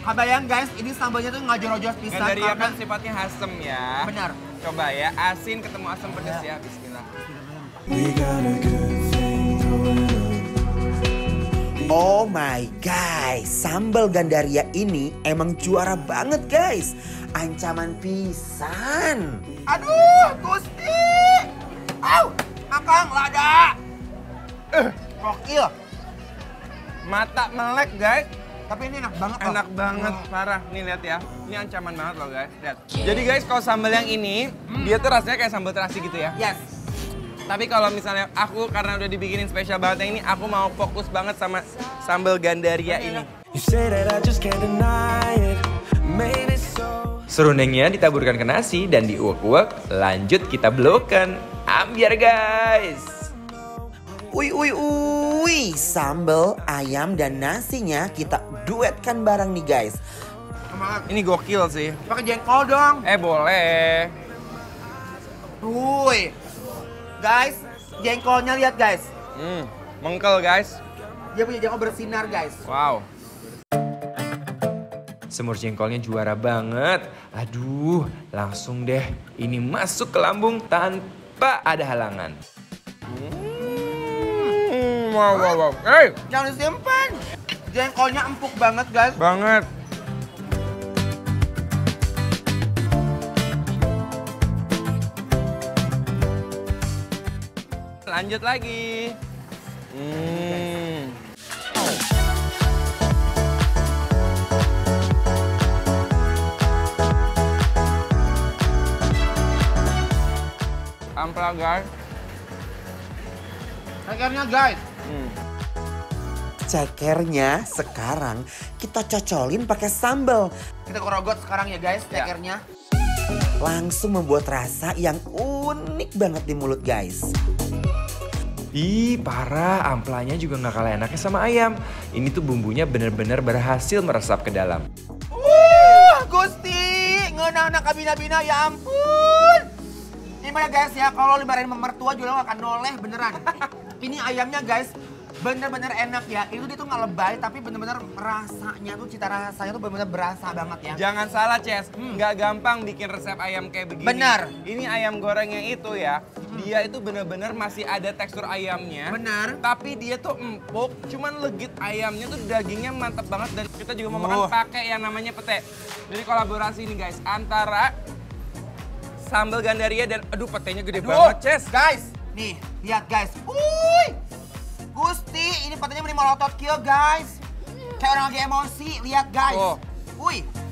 Kabayan guys, ini sambalnya tuh ngajar jorojos pisang. Gandaria karena... kan sifatnya asem ya. Benar. Coba ya, asin ketemu asam pedas ya. Bismillah. Oh my guys, sambal Gandaria ini emang juara banget guys. Ancaman pisan. Aduh, Gusti. Au, akang lada. Eh, uh, Mata melek guys. Tapi ini enak banget Enak loh. banget, parah. Nih lihat ya. Ini ancaman banget loh guys, lihat. Jadi guys, kalau sambal yang ini, hmm. dia tuh rasanya kayak sambal terasi gitu ya. Yes. Tapi kalau misalnya aku karena udah dibikinin spesial banget yang ini, aku mau fokus banget sama sambal gandaria ini. Serundengnya ditaburkan ke nasi dan diuak-uak, lanjut kita blokan. Ambiar guys! Ui ui ui, sambal, ayam dan nasinya kita duetkan bareng nih guys. Ini gokil sih. Pakai jengkol dong. Eh boleh. Ui. Guys, jengkolnya lihat guys. Hmm, mengkel guys. Dia punya jengkol bersinar guys. Wow. Semur jengkolnya juara banget. Aduh, langsung deh. Ini masuk ke lambung tanpa ada halangan. Hmm wow, wow, wow. Hey. Jangan disimpan. Jengkolnya empuk banget, guys. Banget. Lanjut lagi. Hmm. Ampla guys. Cekernya guys. Hmm. Cekernya sekarang kita cocolin pakai sambal. Kita korogot sekarang ya guys ya. cekernya. Langsung membuat rasa yang unik banget di mulut guys. Ih parah, amplanya juga nggak kalah enaknya sama ayam. Ini tuh bumbunya bener-bener berhasil meresap ke dalam. Uh, Gusti, ngena anak bina bina ya ampun. Ini ya guys ya, kalau lebaran mertua juga akan noleh beneran. Ini ayamnya guys, bener-bener enak ya. Itu dia tuh nggak lebay, tapi bener-bener rasanya tuh cita rasanya tuh bener-bener berasa banget ya. Jangan salah, Ces. Hmm. Nggak hmm. gampang bikin resep ayam kayak begini. Benar. Ini ayam gorengnya itu ya, hmm. dia itu bener-bener masih ada tekstur ayamnya. Benar. Tapi dia tuh empuk, cuman legit ayamnya tuh dagingnya mantep banget dan kita juga mau oh. makan pakai yang namanya pete. Jadi kolaborasi ini guys antara sambal gandaria dan aduh petenya gede aduh. banget, Ces. Guys, nih, lihat guys. Uy! Gusti, ini petenya benih melotot kill, guys. Kayak orang lagi emosi, lihat guys. Oh. Uy,